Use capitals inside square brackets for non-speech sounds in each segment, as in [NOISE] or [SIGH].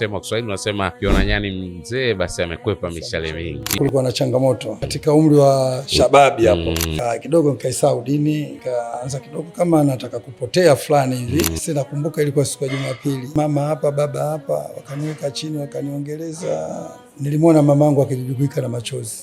msemo Kiswahili unasema kiona nyani mzee basi amekwepa mishale mingi. Kulikuwa na changamoto katika umri wa shababi hapo mm. kidogo nikaisahau dini, nikaanza kidogo kama nataka kupotea fulani hivi mm. nakumbuka, ilikuwa siku ya Jumapili, mama hapa baba hapa, wakaniweka chini wakaniongeleza. Nilimwona mamangu akijujuika na machozi.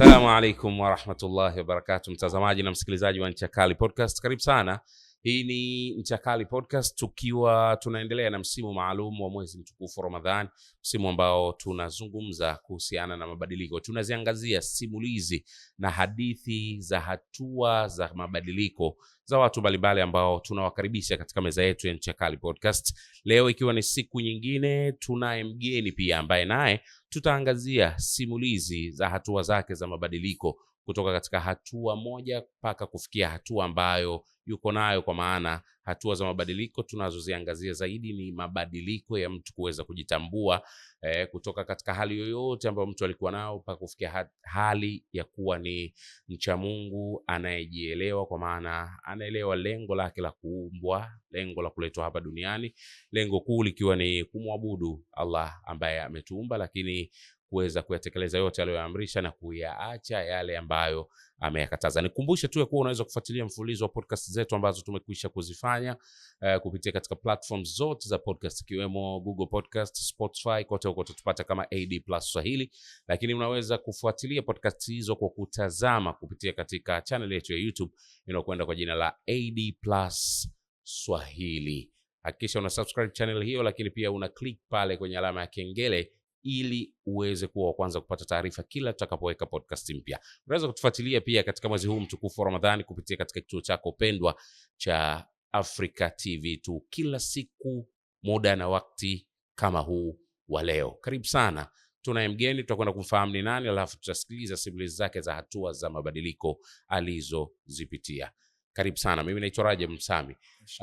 Assalamu alaikum warahmatullahi wabarakatu, mtazamaji na msikilizaji wa Ncha Kali Podcast, karibu sana hii ni mchakali Podcast, tukiwa tunaendelea na msimu maalum wa mwezi mtukufu ramadhan msimu ambao tunazungumza kuhusiana na mabadiliko. Tunaziangazia simulizi na hadithi za hatua za mabadiliko za watu mbalimbali ambao tunawakaribisha katika meza yetu ya Ncha Podcast. Leo ikiwa ni siku nyingine, tunaye mgeni pia ambaye naye tutaangazia simulizi za hatua zake za mabadiliko kutoka katika hatua moja mpaka kufikia hatua ambayo yuko nayo. Kwa maana hatua za mabadiliko tunazoziangazia zaidi ni mabadiliko ya mtu kuweza kujitambua eh, kutoka katika hali yoyote ambayo mtu alikuwa nao mpaka kufikia hali ya kuwa ni mcha Mungu anayejielewa, kwa maana anaelewa lengo lake la kuumbwa, lengo la kuletwa hapa duniani, lengo kuu likiwa ni kumwabudu Allah ambaye ametuumba, lakini kuweza kuyatekeleza yote aliyoyaamrisha na kuyaacha yale ambayo ameyakataza. Nikumbushe tu kuwa unaweza kufuatilia mfululizo wa podcast zetu ambazo tumekwisha kuzifanya uh, kupitia katika platform zote za podcast ikiwemo Google Podcast, Spotify, kote huko tutupata kama AD Plus Swahili, lakini unaweza kufuatilia podcast hizo kwa kutazama kupitia katika channel yetu ya YouTube inayokwenda kwa jina la AD Plus Swahili. Hakikisha una subscribe channel hiyo, lakini pia una click pale kwenye alama ya kengele ili uweze kuwa wa kwanza kupata taarifa kila tutakapoweka podcast mpya. Unaweza kutufuatilia pia katika mwezi huu mtukufu wa Ramadhani kupitia katika kituo chako pendwa cha Africa TV tu kila siku muda na wakati kama huu wa leo. Karibu sana. Tunaye mgeni, tutakwenda kumfahamu ni nani, alafu tutasikiliza simulizi zake za hatua za mabadiliko alizozipitia. Karibu sana. Mimi naitwa Rajab Msami. Uh,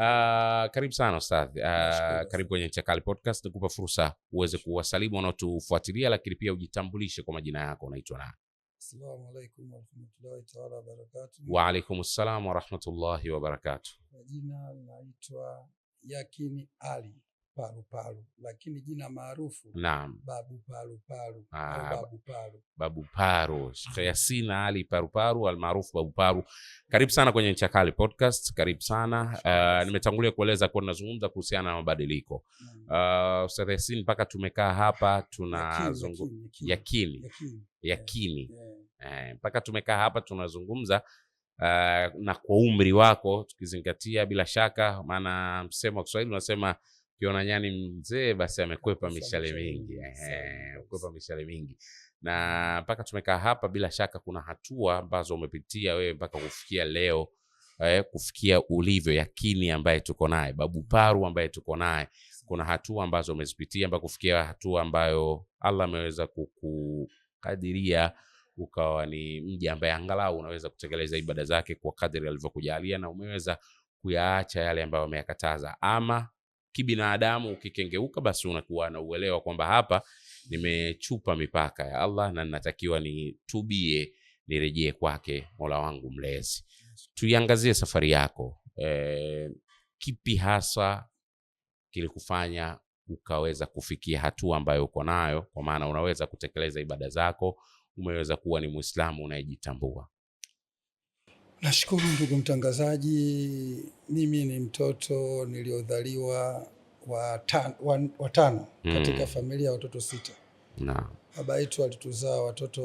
karibu sana Ustadh. Uh, ah, karibu kwenye chakali Podcast. nikupa fursa uweze kuwasalimu wanaotufuatilia, lakini pia ujitambulishe kwa majina yako, unaitwa na waalaikum salam warahmatullahi wabarakatuh. Wa Jina naitwa Yakini Ali. Paruparu, lakini jina maarufu naam, babu Paruparu. Ah, babu Paru, babu Paru, Sheikh mm. Yasin Ali Paruparu almaarufu babu Paru. Karibu sana kwenye Ncha Kali podcast, karibu sana uh, nimetangulia kueleza kuwa tunazungumza kuhusiana na mabadiliko uh, Sheikh Yasin, eh, mpaka tumekaa hapa tunazungumza yakini yakini mpaka tumekaa hapa tunazungumza uh, na kwa umri wako tukizingatia, bila shaka, maana msemo wa Kiswahili unasema Ukiona nyani mzee, basi amekwepa mishale mingi, amekwepa mishale mingi na mpaka tumekaa hapa. Bila shaka kuna hatua ambazo umepitia wewe mpaka kufikia leo eh, kufikia ulivyo. Yakini ambaye tuko naye Babu mm-hmm. Paru ambaye tuko naye, kuna hatua ambazo umezipitia mpaka kufikia hatua ambayo Allah ameweza kukukadiria ukawa ni mji ambaye angalau unaweza kutekeleza ibada zake kwa kadri alivyokujalia, na umeweza kuyaacha yale ambayo ameyakataza ama kibinadamu ukikengeuka, basi unakuwa na uelewa kwamba hapa nimechupa mipaka ya Allah na ninatakiwa nitubie, nirejee kwake Mola wangu mlezi. Tuiangazie safari yako e, kipi hasa kilikufanya ukaweza kufikia hatua ambayo uko nayo, kwa maana unaweza kutekeleza ibada zako, umeweza kuwa ni Muislamu unayejitambua? Nashukuru ndugu mtangazaji, mimi ni mtoto niliodhaliwa watano wa, wa mm. katika familia ya watoto sita no. Baba yetu alituzaa watoto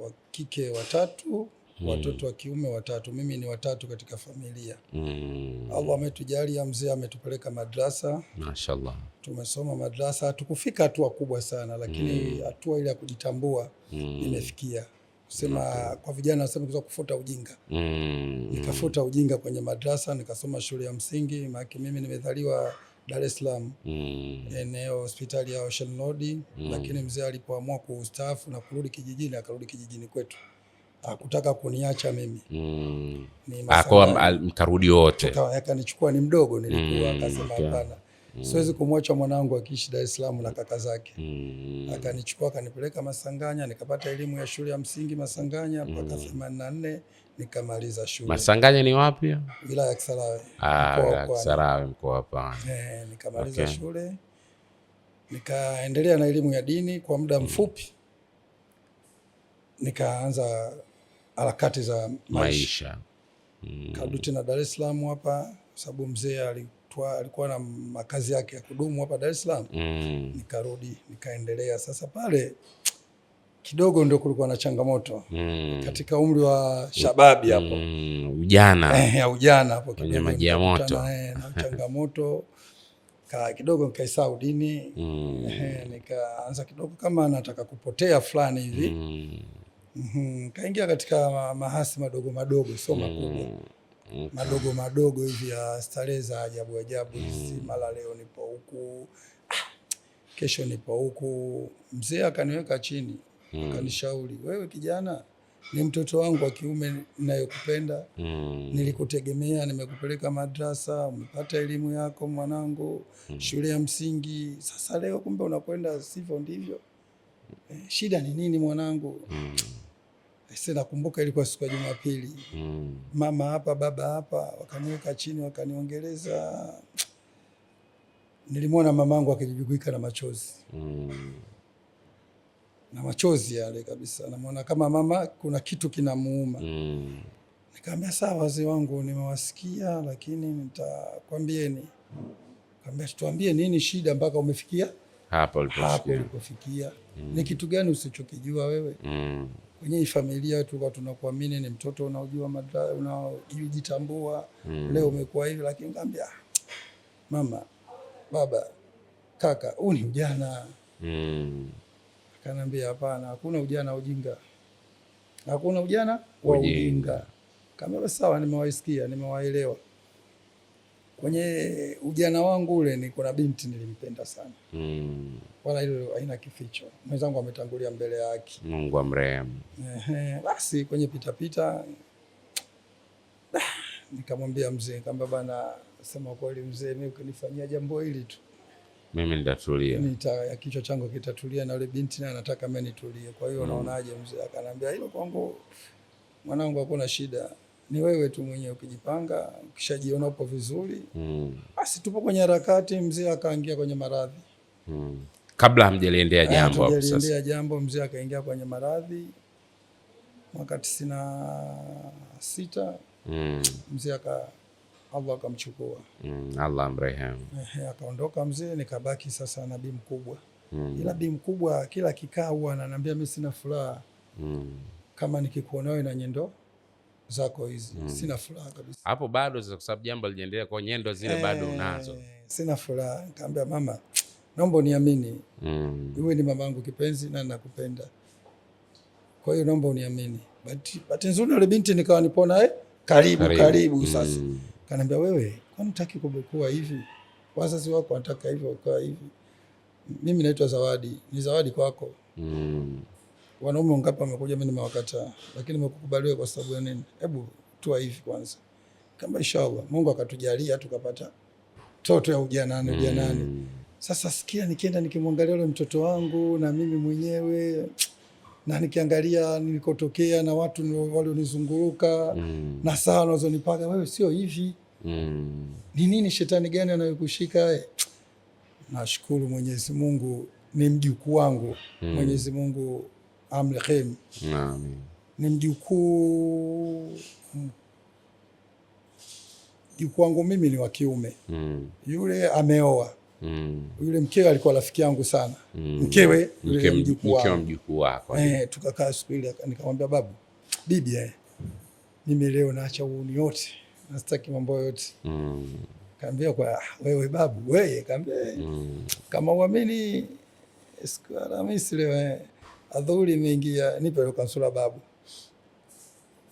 wa kike watatu mm. watoto wa kiume watatu, mimi ni watatu katika familia mm. Allah ametujalia, mzee ametupeleka madrasa, mashallah, tumesoma madrasa, hatukufika hatua kubwa sana, lakini hmm. hatua mm. ile ya kujitambua mm. imefikia kusema okay. Kwa vijana nasema kufuta ujinga mm. Nikafuta ujinga kwenye madrasa nikasoma shule ya msingi, maana mimi nimezaliwa Dar es Salaam mm. eneo hospitali ya Ocean Road mm. Lakini mzee alipoamua kustaafu na kurudi kijijini akarudi kijijini kwetu, hakutaka kuniacha mimi mm. Mkarudi wote akanichukua ni mdogo nilikuwa, mm, akasema hapana okay mm. siwezi kumwacha mwanangu akiishi Dar es Salaam na kaka zake mm. akanichukua akanipeleka Masanganya, nikapata elimu ya shule ya msingi Masanganya mpaka mm. themanini na nne nikamaliza shule. Masanganya ni wapi? Wilaya ya Kisarawe. Ah, Kisarawe mkoa wa Pwani. Eh, nikamaliza okay. shule nikaendelea na elimu ya dini kwa muda mm. mfupi mm. nikaanza harakati za maisha, maisha. Mm. Kaduti na Dar es Salaam hapa, sababu mzee ali hatua, alikuwa na makazi yake ya kudumu hapa Dar es Salaam mm. Nikarudi nikaendelea sasa pale kidogo ndio kulikuwa na changamoto mm. katika umri wa shababi hapo mm. ujana eh, ya ujana hapo kwenye maji ya moto eh, na [LAUGHS] changamoto ka kidogo nikaisahau dini mm. eh, nikaanza kidogo kama nataka kupotea fulani hivi mm. mm -hmm. kaingia katika mahasi madogo madogo sio makubwa mm madogo madogo hivi ya starehe za ajabu ajabu hizi mm. mara leo nipo huku ah, kesho nipo huku. Mzee akaniweka chini mm. akanishauri, wewe kijana ni mtoto wangu wa kiume nayekupenda mm. nilikutegemea, nimekupeleka madrasa, umepata elimu yako mwanangu mm. shule ya msingi. Sasa leo kumbe unakwenda sivyo ndivyo. Eh, shida ni nini mwanangu? mm. Sasa nakumbuka ilikuwa siku ya Jumapili mm. mama hapa baba hapa, wakaniweka chini wakaniongeleza. Nilimwona mamangu akijijugika na machozi mm. na machozi yale kabisa, namwona kama mama kuna kitu kinamuuma mm. Nikamwambia sawa, wazee wangu nimewasikia, lakini nitakwambieni. Kamwambia tuambie nini shida mpaka umefikia hapo ulipofikia, mm. ni kitu gani usichokijua wewe mm. Kwenye familia tulikuwa tunakuamini ni mtoto unaojua madra, unaojitambua mm. Leo umekuwa hivi, lakini ngambia mama, baba, kaka, huu ni ujana mm. Akanambia hapana, hakuna ujana ujinga, hakuna ujana wa ujinga. Kama sawa, nimewaisikia nimewaelewa kwenye ujana wangu ule ni kuna binti nilimpenda sana mm. wala hilo haina kificho. Mwenzangu ametangulia mbele ya haki, Mungu amrehemu. basi kwenye pitapita [TSK] nikamwambia mzee kamba bana, sema kweli mzee, mimi ukinifanyia jambo hili tu mimi nitatulia, nita kichwa changu kitatulia, na yule binti naye anataka mimi nitulie. Kwa hiyo mm. unaonaje mzee? akanambia hilo kwangu mwanangu, hakuna shida ni wewe tu mwenyewe ukijipanga, ukishajiona upo vizuri hmm. basi tupo kwenye harakati. Mzee akaingia kwenye maradhi mm. kabla hamjaliendea jambo hapo. Sasa hamjaliendea jambo, mzee akaingia kwenye maradhi mwaka tisini na sita mm. mzee aka Allah akamchukua mm. Allah amrehemu. Ehe, akaondoka mzee, nikabaki sasa na bibi mkubwa mm. ila bibi mkubwa kila kikao ananiambia mimi sina furaha mm. kama nikikuona wewe na nyendo zako hizi mm. Sina furaha kabisa hapo bado, kwa sababu jambo lijaendelea kwa nyendo zile eh, bado unazo. Sina furaha, nikamwambia mama, naomba uniamini mm. Uwe ni mama kipenzi na nakupenda, kwa hiyo naomba uniamini. but nzuri yule binti nikawa nipona eh, karibu karibu, karibu sasa mm. Kaniambia wewe, nini unataka kubukua hivi? Wazazi wako wanataka hivyo, kwa hivi. Mimi naitwa Zawadi, ni zawadi kwako mm wanaume wangapi wamekuja, mimi nimewakataa, lakini nimekukubaliwa kwa sababu ya nini? Hebu tua hivi kwanza, kama inshallah Mungu akatujalia tukapata toto ya ujanani mm. ujanani sasa sikia, nikienda nikimwangalia yule mtoto wangu na mimi mwenyewe na nikiangalia nilikotokea na watu walionizunguruka mm. na saa wanazonipaka wewe, sio hivi mm. ni nini? Shetani gani anayokushika? Nashukuru Mwenyezi Mungu, ni mjukuu wangu mm. Mwenyezi Mungu amleheni ni mjukuu mm, mjukuu wangu mimi ni wa kiume mm. yule ameoa mm. yule mkewe alikuwa rafiki yangu sana mm. mkewe yule mjukuu wako eh, tukakaa siku ile nikamwambia babu, bibi eh, mimi leo naacha uuni yote nastaki mambo yote mm. kaambia kwa ah, wewe babu, wewe kaambia eh, mm. kama uamini siku ya Alhamisi leo eh, adhuri imeingia, nipe kansula babu.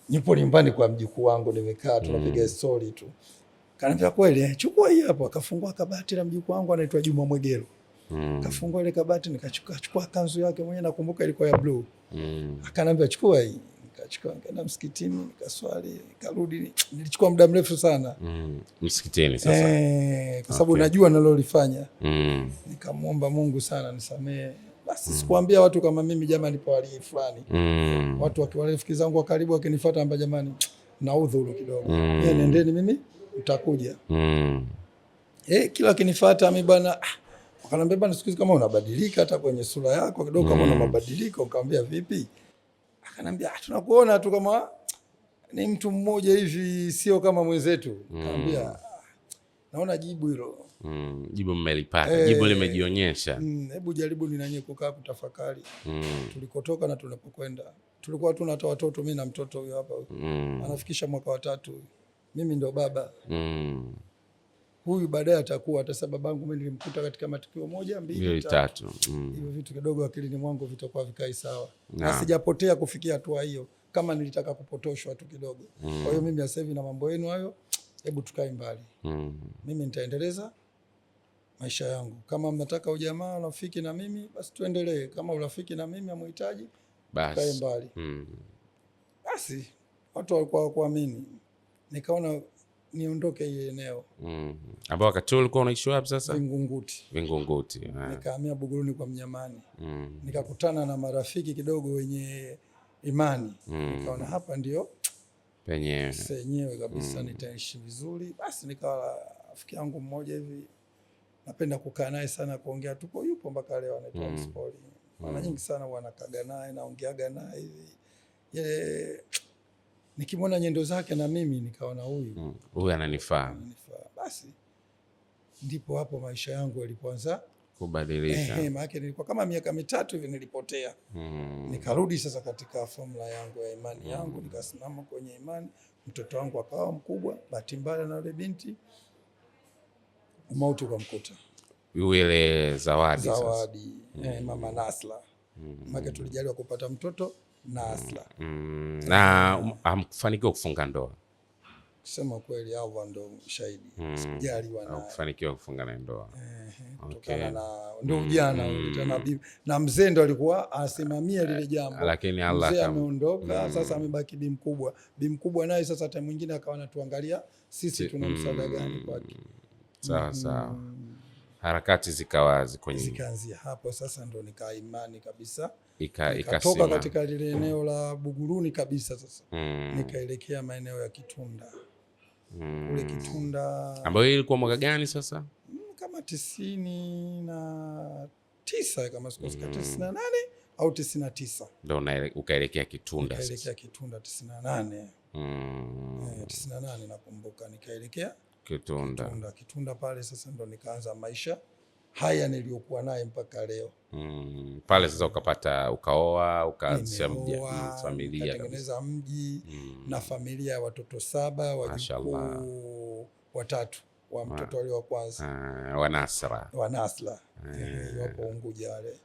Nipo nyumbani kwa mjukuu wangu, nimekaa tunapiga mm. stori tu. Kanambia kweli, eh, chukua hii hapo. Akafungua kabati la mjukuu wangu anaitwa Juma Mwegero mm. Kafungua ile kabati, nikachukua chukua kanzu yake mwenyewe, nakumbuka ilikuwa ya blue mm. Akanambia chukua hii nikachukua nikaenda msikitini nikaswali nikarudi. Nilichukua muda mrefu sana mm, msikitini sasa eh, kwa sababu okay, najua nalolifanya mm. Nikamwomba Mungu sana nisamee basi mm. sikuambia watu kama mimi jamani, nipo hali fulani mm. watu wakiwa rafiki zangu wa karibu wakinifuata amba jamani, [TSK] na udhuru kidogo mm. yeye nendeni, mimi nitakuja mm. eh, kila akinifuata mimi bwana ah, akanambia bwana, siku hizi kama unabadilika hata kwenye sura yako kidogo, kama una mm. mabadiliko. Nikamwambia vipi? Akanambia ah, tunakuona tu kama ni mtu mmoja hivi, sio kama mwenzetu. Mm. Nikamwambia mm. naona jibu hilo Mm, jibu mmelipata hey, eh, jibu limejionyesha. Mm, hebu mm, jaribu ni nanye kukaa kutafakari mm, tulikotoka na tunapokwenda. Tulikuwa tuna hata watoto, mimi na mtoto huyo hapa mm, anafikisha mwaka wa tatu, mimi ndo baba mm. Huyu baadaye atakuwa hata sababu yangu mimi nilimkuta katika matukio moja mbili tatu, mm. hivyo vitu kidogo akilini mwangu vitakuwa vikai sawa, na sijapotea kufikia hatua hiyo, kama nilitaka kupotoshwa tu kidogo mm. Kwa hiyo mimi sasa hivi na mambo yenu hayo, hebu tukae mbali mm. Mimi nitaendeleza maisha yangu. Kama mnataka ujamaa, urafiki na mimi, basi tuendelee. Kama urafiki na mimi amhitaji, basi mbali. Mm. Basi watu walikuwa kuamini, nikaona niondoke hii eneo mm. ambao wakati ulikuwa unaishi wapi sasa? Vingunguti. Vingunguti. Eh. Nikahamia Buguruni kwa Mnyamani mm. nikakutana na marafiki kidogo wenye imani mm. nikaona hapa ndio penyewe senyewe kabisa mm. nitaishi vizuri. Basi nikawa rafiki yangu mmoja hivi napenda kukaa naye sana kuongea, tuko yupo mpaka leo, anaitwa mm. Spoli mm. mara mm. nyingi sana wanakaga naye naongeaga naye hivi yeye, nikimwona nyendo zake na mimi nikaona huyu mm. huyu mm. ananifaa ananifaa, basi ndipo hapo maisha yangu yalipoanza kubadilika. Eh, maana nilikuwa kama miaka mitatu hivi nilipotea mm. nikarudi sasa katika formula yangu ya imani mm. yangu mm. nikasimama kwenye imani, mtoto wangu akawa mkubwa, bahati mbaya na yule binti umauti kwa mkuta yule Zawadi, Zawadi eh, mm. eh, mama Nasla mm -hmm. Make tulijaliwa kupata mtoto Nasla mm -hmm. na um, kufunga ndoa kusema kweli, au ndo shahidi mm. Mm-hmm. Sijaliwa na kufanikiwa kufunga na ndoa eh, kutokana okay. na ndo ujana mm. Mm-hmm. na, na mzee ndo alikuwa asimamia lile jambo, lakini Allah mzee ameondoka mm. Sasa amebaki bi mkubwa, bi mkubwa naye sasa time mwingine akawa anatuangalia sisi tuna msaada gani kwake mm sawa mhm. sawa harakati zikawa ziko nyingi, zikaanzia hapo sasa ndo nikaa imani kabisa ika, ikatoka katika lile eneo la Buguruni kabisa sasa mm. nikaelekea maeneo ya Kitunda mm. kule Kitunda ambayo ilikuwa mwaka gani sasa hmm, kama tisini na tisa kama sikosika mm. tisini na nane au tisini na tisa ndo ukaelekea Kitunda, ukaelekea Kitunda tisini na nane mm. eh, tisini na nane nakumbuka nikaelekea Kitunda. Kitunda, Kitunda pale sasa ndo nikaanza maisha haya niliyokuwa naye mpaka leo mm. Pale sasa ukapata ukaoa, ukaanzisha familia, ukatengeneza mji mm. na familia ya watoto saba, wajukuu watatu wa mtoto aliye wa kwanza ah, Wanasra, Wanasra eh. wapo Unguja wale,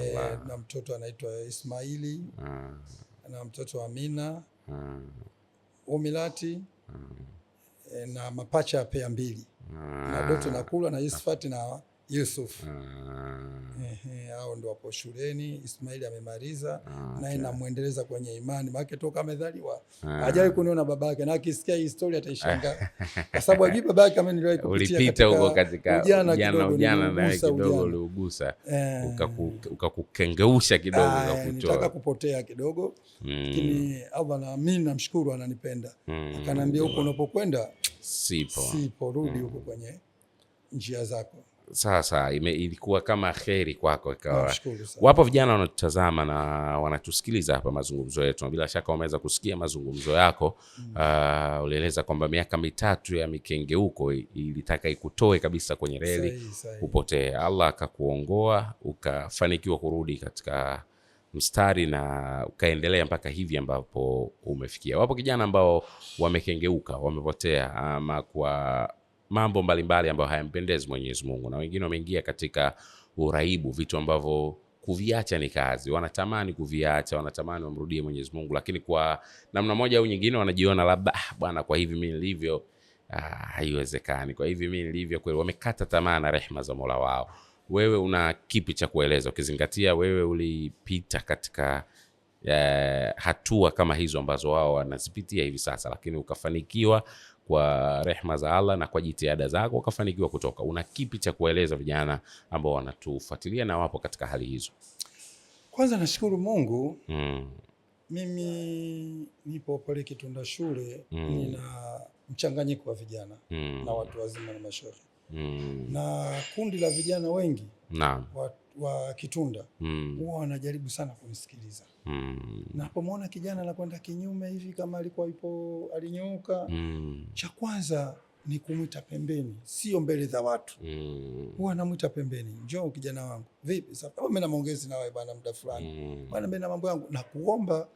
eh, na mtoto anaitwa Ismaili ah. na mtoto Amina ah. Umilati hmm. Eh, na mapacha ya pea mbili na ah. Doto Nakula na Isfat na Yusuf ah. hao ndio wapo shuleni. Ismaili amemaliza ah, naye namwendeleza kwenye imani, maana toka amezaliwa ah. hajawahi kuniona babake, na akisikia hii story ataishanga [LAUGHS] kwa sababu ajui babake ame niliwahi kupitia ulipita huko katika ujana ujana, naye kidogo uliugusa eh. ukakukengeusha kidogo, ukakutoa nataka kupotea kidogo, hmm. lakini mm. Allah na mimi namshukuru, ananipenda mm. akanambia, huko unapokwenda sipo, sipo, rudi hmm. huko mm. kwenye njia zako sasa ime, ilikuwa kama kheri kwako ikawa. Wapo vijana wanatutazama na wanatusikiliza hapa mazungumzo yetu, na bila shaka wameweza kusikia mazungumzo yako mm. Uh, ulieleza kwamba miaka mitatu ya huko ilitaka ikutoe kabisa kwenye reli upotee. Allah akakuongoa ukafanikiwa kurudi katika mstari na ukaendelea mpaka hivi ambapo umefikia. Wapo kijana ambao wamekengeuka, wamepotea ama kwa mambo mbalimbali ambayo hayampendezi Mwenyezi Mungu, na wengine wameingia katika uraibu, vitu ambavyo kuviacha ni kazi, wanatamani kuviacha, wanatamani wamrudie Mwenyezi Mungu, lakini kwa namna moja au nyingine wanajiona labda, ah, bwana, kwa hivi mimi nilivyo ah, haiwezekani, kwa hivi mimi nilivyo kweli. Wamekata tamaa na rehema za Mola wao. Wewe una kipi cha kueleza, ukizingatia wewe ulipita katika eh, hatua kama hizo ambazo wao wanazipitia hivi sasa, lakini ukafanikiwa kwa rehma za Allah na kwa jitihada zako wakafanikiwa kutoka. Una kipi cha kueleza vijana ambao wanatufuatilia na wapo katika hali hizo? Kwanza nashukuru Mungu mm. Mimi nipo pale Kitunda shule mm. nina mchanganyiko wa vijana mm. na watu wazima na mashauri mm. na kundi la vijana wengi naam wa Kitunda hmm. huwa mm. wanajaribu sana kunisikiliza mm. napomwona kijana anakwenda kinyume hivi, kama alikuwa ipo alinyooka mm. cha kwanza ni kumwita pembeni, sio mbele za watu mm. huwa namwita pembeni, njoo kijana wangu, vipi sasa, mimi na maongezi nawe bwana, muda fulani mm. bwana, mimi na mambo yangu na kuomba,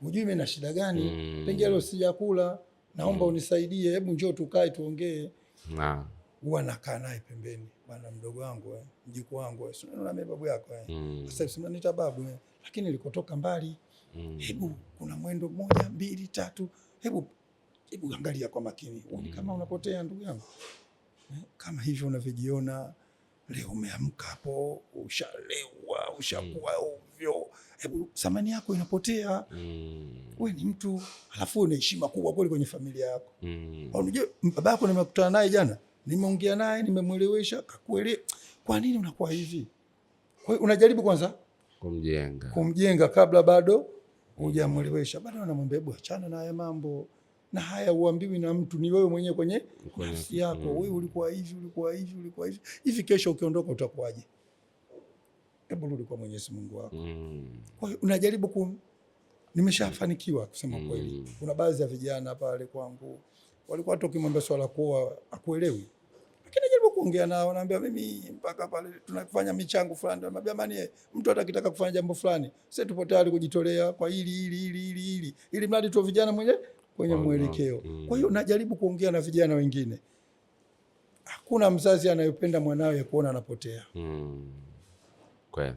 hujui mimi na shida gani mm. pengine leo sijakula, naomba mm. unisaidie, hebu njoo tukae tuongee, na ah. huwa nakaa naye pembeni bwana mdogo wangu eh, mjukuu wangu eh, sio na babu yako eh. Mm. Sasa sema nita babu eh, lakini nilikotoka mbali. Mm. Hebu kuna mwendo moja mbili tatu, hebu hebu angalia kwa makini mm. Kama unapotea ndugu yangu eh, kama hivyo unavyojiona leo, umeamka hapo, ushalewa ushakuwa mm. ovyo, hebu thamani yako inapotea mm. Wewe ni mtu, alafu una heshima kubwa kweli kwenye familia yako mm. Unajua baba yako nimekutana naye jana Nimeongea naye, nimemwelewesha, kakuelewa. Kwa nini unakuwa hivi? Kwa hiyo unajaribu kwanza kumjenga, kumjenga kabla bado hujamwelewesha. Bado anamwambia hebu achana na haya mambo na haya uambiwi na mtu, ni wewe mwenyewe kwenye nafsi yako. Wewe ulikuwa hivi, ulikuwa hivi, ulikuwa hivi hivi, kesho ukiondoka utakuwaje? Hebu rudi kwa Mwenyezi Mungu wako. Mm. Kwa hiyo unajaribu ku, nimeshafanikiwa kusema mm. kweli, kuna baadhi ya vijana pale kwangu walikuwa hata ukimwambia swala kuoa akuelewi, lakini jaribu kuongea nao, naambia mimi mpaka pale tunafanya michango fulani, naambia mani, mtu atakitaka kufanya jambo fulani, sisi tupo tayari kujitolea kwa hili hili hili hili hili, ili mradi tu vijana mwenye kwenye mwelekeo. Mm. Kwa hiyo najaribu kuongea na vijana wengine. Hakuna mzazi anayependa mwanawe kuona anapotea. Mm. Kweli.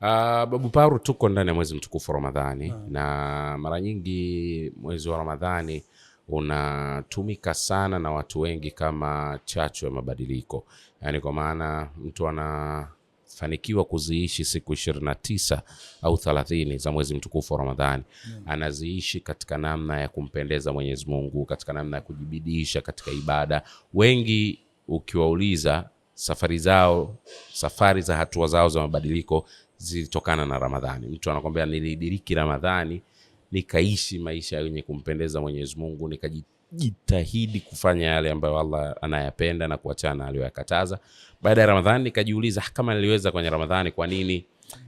Uh, Babu Paru, tuko ndani ya mwezi mtukufu wa Ramadhani, ah. na mara nyingi mwezi wa Ramadhani unatumika sana na watu wengi kama chachu ya mabadiliko, yaani kwa maana mtu anafanikiwa kuziishi siku ishirini na tisa au thelathini za mwezi mtukufu wa Ramadhani mm. Anaziishi katika namna ya kumpendeza Mwenyezi Mungu, katika namna ya kujibidisha katika ibada. Wengi ukiwauliza safari zao, safari za hatua zao za mabadiliko zilitokana na Ramadhani. Mtu anakwambia nilidiriki Ramadhani nikaishi maisha yenye kumpendeza Mwenyezi Mungu, nikajitahidi kufanya yale ambayo Allah anayapenda na kuachana aliyoyakataza. Baada ya Ramadhani nikajiuliza, ah, kama niliweza kwenye Ramadhani, kwa nini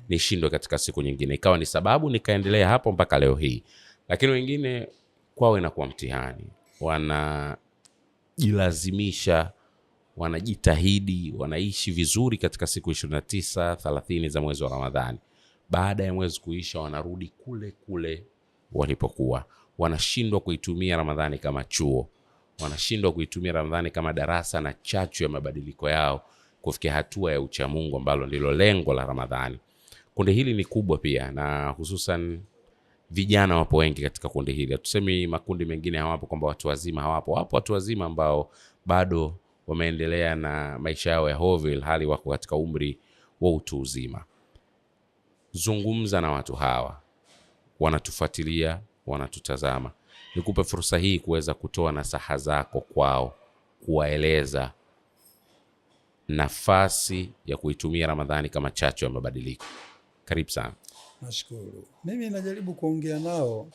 nishindwe katika siku nyingine? Ikawa ni sababu, nikaendelea hapo mpaka leo hii. Lakini wengine kwao inakuwa mtihani, wanajilazimisha wanajitahidi wanaishi vizuri katika siku ishirini na tisa thalathini za mwezi wa Ramadhani. Baada ya mwezi kuisha, wanarudi kule kule walipokuwa wanashindwa kuitumia Ramadhani kama chuo, wanashindwa kuitumia Ramadhani kama darasa na chachu ya mabadiliko yao kufikia hatua ya uchamungu ambalo ndilo lengo la Ramadhani. Kundi hili ni kubwa pia, na hususan vijana wapo wengi katika kundi hili. Hatusemi makundi mengine hawapo, kwamba watu wazima hawapo. Wapo watu wazima ambao bado wameendelea na maisha yao ya hovil, hali wako katika umri wa utu uzima. Zungumza na watu hawa wanatufuatilia, wanatutazama. Nikupe fursa hii kuweza kutoa nasaha zako kwao, kuwaeleza nafasi ya kuitumia Ramadhani kama chachu ya mabadiliko. Karibu sana. Nashukuru. Mimi najaribu kuongea nao,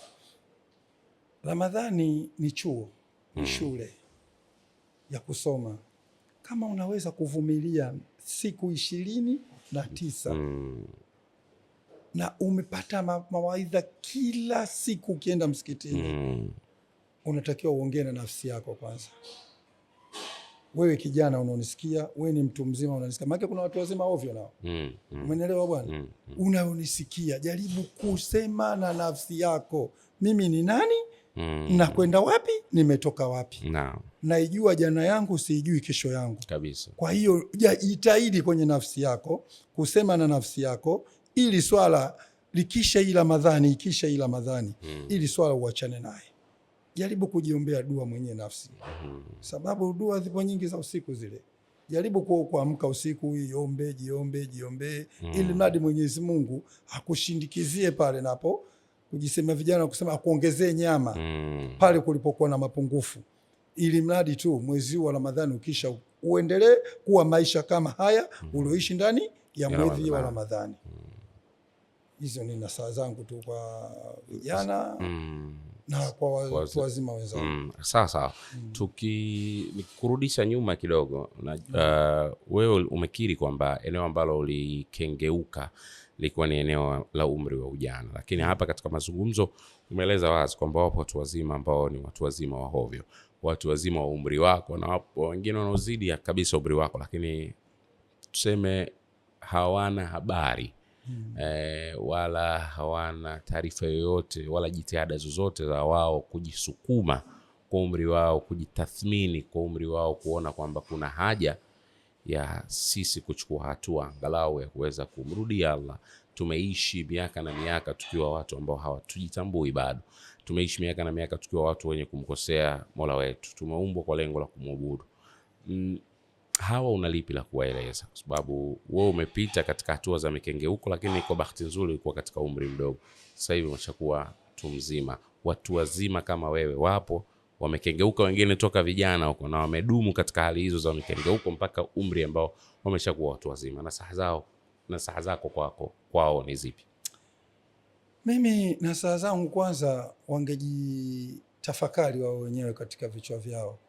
Ramadhani ni chuo, ni mm. shule ya kusoma. Kama unaweza kuvumilia siku ishirini na tisa mm na umepata ma mawaidha kila siku ukienda msikitini mm. Unatakiwa uongee na nafsi yako kwanza. Wewe kijana unaonisikia, wewe ni mtu mzima unanisikia, maana kuna watu wazima ovyo nao mm. mm. Umenielewa bwana mm. mm. Unaonisikia, jaribu kusema na nafsi yako, mimi ni nani? Mm. na kwenda wapi? Nimetoka wapi? no. Naijua jana yangu, siijui kesho yangu kabisa. Kwa hiyo jitahidi kwenye nafsi yako kusema na nafsi yako ili swala likisha ila madhani ikisha ila madhani mm. ili swala uachane naye, jaribu kujiombea dua mwenye nafsi mm. sababu dua zipo nyingi za usiku zile, jaribu kwa kuamka usiku, iombe jiombe jiombe mm. ili mradi Mwenyezi Mungu akushindikizie pale napo kujisemea vijana kusema akuongezee nyama mm. pale kulipokuwa na mapungufu, ili mradi tu mwezi wa Ramadhani ukisha uendelee kuwa maisha kama haya mm. ulioishi ndani ya mwezi wa Ramadhani mm hizo ni nasaha zangu tu kwa vijana mm. na kwa watu wazima wenzao mm. sawa sawa mm. tuki nikurudisha nyuma kidogo na, uh, wewe umekiri kwamba eneo ambalo ulikengeuka likuwa ni eneo la umri wa ujana, lakini mm. hapa katika mazungumzo umeeleza wazi kwamba wapo watu wazima ambao ni watu wazima wa hovyo, watu wazima wa umri wako, na wapo wengine wanaozidi kabisa umri wako, lakini tuseme hawana habari mm. e, wala hawana taarifa yoyote wala jitihada zozote za wao kujisukuma kwa umri wao, kujitathmini kwa umri wao, kuona kwamba kuna haja ya sisi kuchukua hatua angalau ya kuweza kumrudia Allah. Tumeishi miaka na miaka tukiwa watu ambao hawatujitambui bado. Tumeishi miaka na miaka tukiwa watu wenye kumkosea Mola wetu. Tumeumbwa kwa lengo la kumwabudu mm hawa unalipi la kuwaeleza, kwa sababu wewe umepita katika hatua za mikengeuko, lakini kwa bahati nzuri ulikuwa katika umri mdogo. Sasa hivi umeshakuwa mtu mzima. Watu wazima kama wewe wapo wamekengeuka, wengine toka vijana huko, na wamedumu katika hali hizo za mikengeuko mpaka umri ambao wameshakuwa watu wazima. Nasaha zao, nasaha zako kwako kwao ni zipi? Mimi nasaha zangu, kwanza wangejitafakari wao wenyewe katika vichwa vyao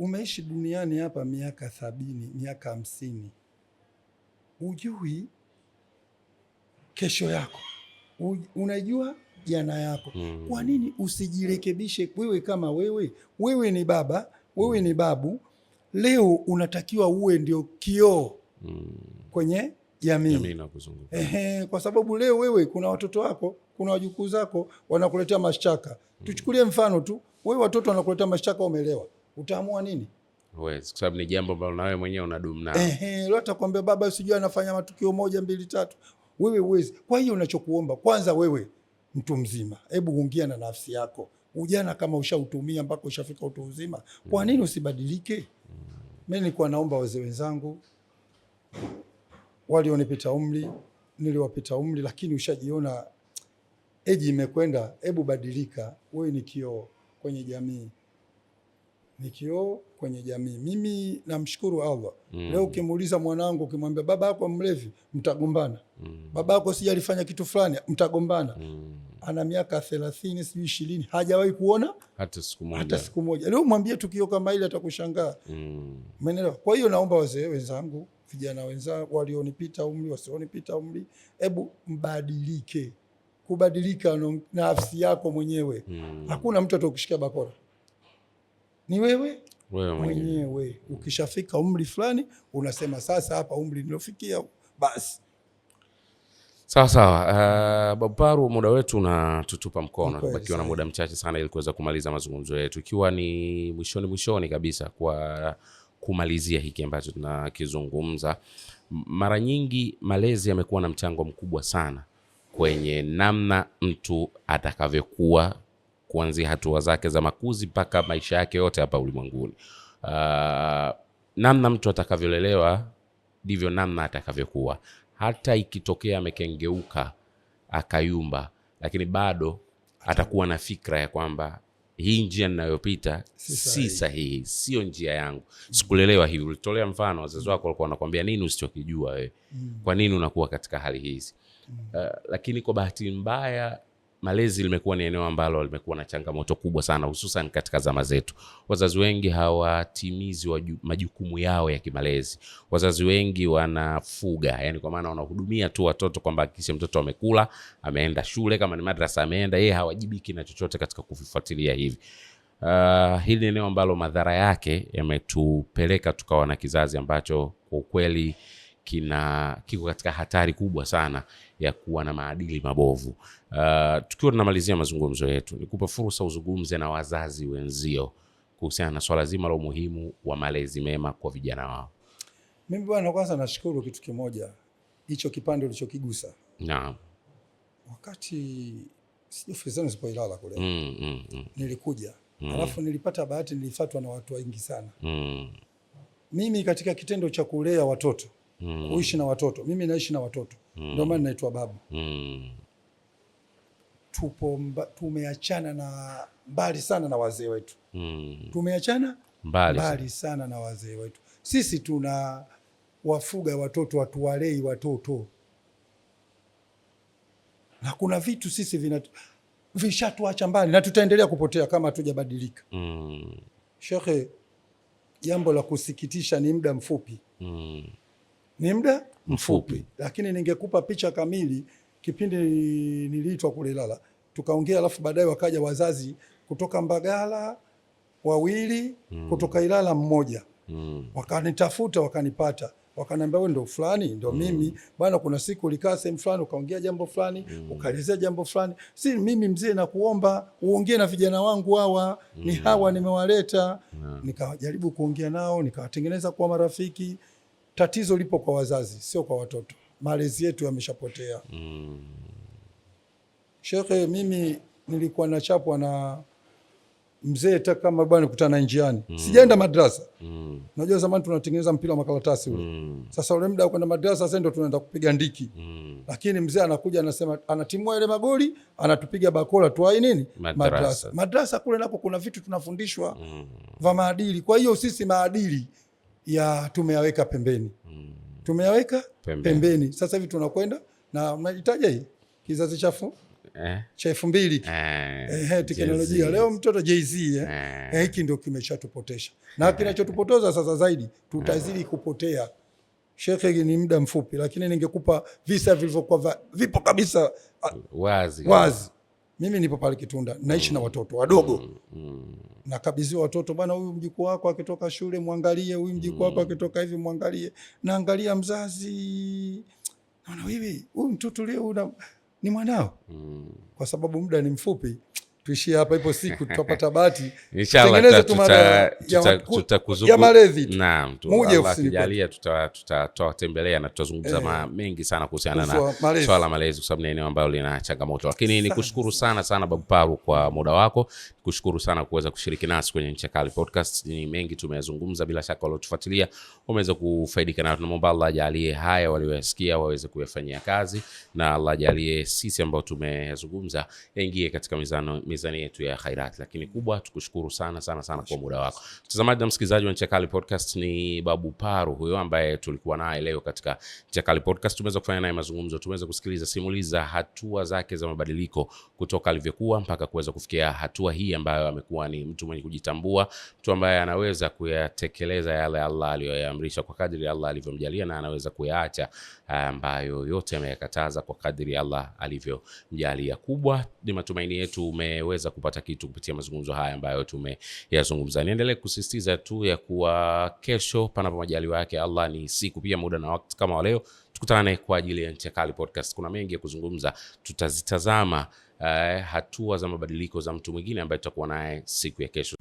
umeishi duniani hapa miaka sabini, miaka hamsini, ujui kesho yako, unajua jana yako. Hmm. Kwa nini usijirekebishe wewe? Kama wewe wewe ni baba, wewe hmm. ni babu, leo unatakiwa uwe ndio kioo hmm. kwenye jamii, ehe, kwa sababu leo wewe kuna watoto wako, kuna wajukuu zako wanakuletea mashtaka. Tuchukulie mfano tu, wewe watoto wanakuletea mashtaka, umelewa utaamua nini? Huwezi, kwa sababu ni jambo ambalo nawe mwenyewe unadumu nalo. Ehe, leo atakwambia baba, usijua anafanya matukio moja mbili tatu, wewe huwezi. Kwa hiyo unachokuomba kwanza, wewe mtu mzima, hebu ungia na nafsi yako. Ujana kama ushautumia mpaka ushafika utu uzima, kwa nini usibadilike? Mimi nilikuwa naomba wazee wenzangu walionipita umri, niliwapita umri, lakini ushajiona eji imekwenda, hebu badilika, wewe ni kioo kwenye jamii ni kioo kwenye jamii. Mimi namshukuru Allah mm. Leo ukimuuliza mwanangu, ukimwambia baba yako mlevi, mtagombana mm. Baba yako sija alifanya kitu fulani, mtagombana mm. Ana miaka thelathini sijui ishirini hajawahi kuona hata siku moja, hata siku moja. Leo mwambie tukio kama ile, atakushangaa mm. Umeelewa? Kwa hiyo naomba wazee wenzangu, vijana wenzangu, walionipita umri, wasionipita umri, hebu mbadilike. Kubadilika nafsi yako mwenyewe mm. Hakuna mtu atakushika bakora ni wewe wewe mwenyewe. Ukishafika umri fulani unasema sasa, hapa umri niliofikia basi. Sawa sawa. Uh, Paru, muda wetu unatutupa mkono, bakiwa na muda mchache sana ili kuweza kumaliza mazungumzo yetu, ikiwa ni mwishoni mwishoni kabisa kwa kumalizia hiki ambacho tunakizungumza. Mara nyingi malezi yamekuwa na mchango mkubwa sana kwenye namna mtu atakavyokuwa kuanzia hatua zake za makuzi mpaka maisha yake yote hapa ulimwenguni. Uh, namna mtu atakavyolelewa ndivyo namna atakavyokuwa. Hata ikitokea amekengeuka akayumba, lakini bado atakuwa na fikra ya kwamba hii njia ninayopita si sahihi, sio njia yangu, sikulelewa hivi. Ulitolea mfano, wazazi wako walikuwa wanakuambia nini usichokijua wewe, mm. kwa nini unakuwa katika hali hizi? Mm. Uh, lakini kwa bahati mbaya malezi limekuwa ni eneo ambalo limekuwa na changamoto kubwa sana, hususan katika zama zetu. Wazazi wengi hawatimizi majukumu yao ya kimalezi. Wazazi wengi wanafuga, yani kwa maana wanahudumia tu watoto kwamba hakikishe mtoto amekula, ameenda shule, kama ni madrasa ameenda, yeye hawajibiki na chochote katika kuvifuatilia hivi. Uh, hili ni eneo ambalo madhara yake yametupeleka tukawa na kizazi ambacho kwa ukweli kina kiko katika hatari kubwa sana ya kuwa na maadili mabovu. Uh, tukiwa tunamalizia mazungumzo yetu, nikupe fursa uzungumze na wazazi wenzio kuhusiana na swala zima la umuhimu wa malezi mema kwa vijana wao. Mimi bwana, kwanza nashukuru kitu kimoja hicho kipande ulichokigusa. Naam. Wakati zipo ilala kule mm, mm, mm. nilikuja mm. alafu nilipata bahati nilifatwa na watu wengi sana mm. mimi katika kitendo cha kulea watoto mm. kuishi na watoto. Mimi naishi na watoto mm. ndio maana naitwa babu mm. tupo mba, tumeachana na mbali sana na wazee wetu mm. tumeachana mbali, mbali sana na wazee wetu. Sisi tuna wafuga watoto, watuwalei watoto, na kuna vitu sisi vina vishatuacha mbali na tutaendelea kupotea kama hatujabadilika mm. Shekhe, jambo la kusikitisha ni muda mfupi mm ni muda mfupi, lakini ningekupa picha kamili. Kipindi niliitwa kule Ilala tukaongea, alafu baadaye wakaja wazazi kutoka Mbagala wawili mm. kutoka Ilala mmoja mm. wakanitafuta wakanipata wakaniambia wewe ndo fulani ndo mm. mimi bwana, kuna siku ulikaa sehemu fulani ukaongea jambo fulani mm. ukaelezea jambo fulani. Si mimi mzee, nakuomba uongee na vijana wangu hawa mm. ni hmm. hawa nimewaleta yeah. Hmm. nikajaribu kuongea nao nikawatengeneza kuwa marafiki. Tatizo lipo kwa wazazi, sio kwa watoto. Malezi yetu yameshapotea. mm. Shekhe, mimi nilikuwa nachapwa na mzee kama bwana kutana njiani. mm. Sijaenda madrasa. mm. Unajua zamani tunatengeneza mpira wa makaratasi ule. mm. Sasa ule muda kwenda madrasa sasa ndio tunaenda kupiga ndiki. mm. Lakini mzee anakuja anasema anatimua ile magoli, anatupiga bakola tuai nini? Madrasa. Madrasa kule napo kuna vitu tunafundishwa mm. vya maadili. Kwa hiyo sisi maadili ya tumeyaweka pembeni mm. tumeyaweka pembeni. pembeni sasa hivi tunakwenda na unaitaja hii kizazi chafu eh. cha elfu mbili eh, eh, teknolojia leo mtoto JZ eh? eh. eh, hiki ndio kimeshatupotesha na eh. kinachotupotoza sasa zaidi tutazidi eh. kupotea Shekhe, ni muda mfupi, lakini ningekupa visa vilivyokuwa vipo kabisa wazi wazi mimi nipo pale Kitunda naishi na watoto wadogo mm. Nakabidhiwa watoto bana, huyu mjukuu wako akitoka shule mwangalie, huyu mjukuu wako akitoka hivi mwangalie. Naangalia mzazi, naona hivi huyu mtoto leo una, ni mwanao mm. Kwa sababu muda ni mfupi, tuishie hapa, ipo siku tutapata [LAUGHS] bahati tengeneze tu mada ya malezi tu, muje ofisini, tutawatembelea na tutazungumza eh. mengi sana kuhusiana na swala la malezi, kwa sababu ni eneo ambalo lina changamoto. Lakini nikushukuru sana sana Babu Paru kwa muda wako kushukuru sana kuweza kushiriki nasi kwenye Ncha Kali Podcast. Ni mengi tumeyazungumza, bila shaka waliotufuatilia wameweza kufaidika, na tunamwomba Allah ajalie haya walioyasikia waweze kuyafanyia kazi, na Allah ajalie sisi ambao tumeyazungumza yaingie katika mizano, mizani yetu ya khairat. Lakini kubwa tukushukuru sana sana sana kwa muda wako. Mtazamaji na msikilizaji wa Ncha Kali Podcast, ni Babu Paru huyo ambaye tulikuwa naye leo katika Ncha Kali Podcast. Tumeweza kufanya naye mazungumzo, tumeweza kusikiliza simulizi za hatua zake za mabadiliko kutoka alivyokuwa mpaka kuweza kufikia hatua hii ambayo amekuwa ni mtu mwenye kujitambua, mtu ambaye anaweza kuyatekeleza yale Allah aliyoyaamrisha kwa kadri Allah alivyomjalia, na anaweza kuyaacha ah, ambayo yote ameyakataza kwa kadri Allah alivyomjalia. Kubwa ni matumaini yetu umeweza kupata kitu kupitia mazungumzo haya ambayo tumeyazungumza. Niendelee kusisitiza tu ya kuwa kesho, panapo majaliwa yake Allah, ni siku pia muda na wakati kama wa leo, tukutane kwa ajili ya Ncha Kali Podcast. Kuna mengi ya kuzungumza, tutazitazama uh, hatua za mabadiliko za mtu mwingine ambaye tutakuwa naye siku ya kesho.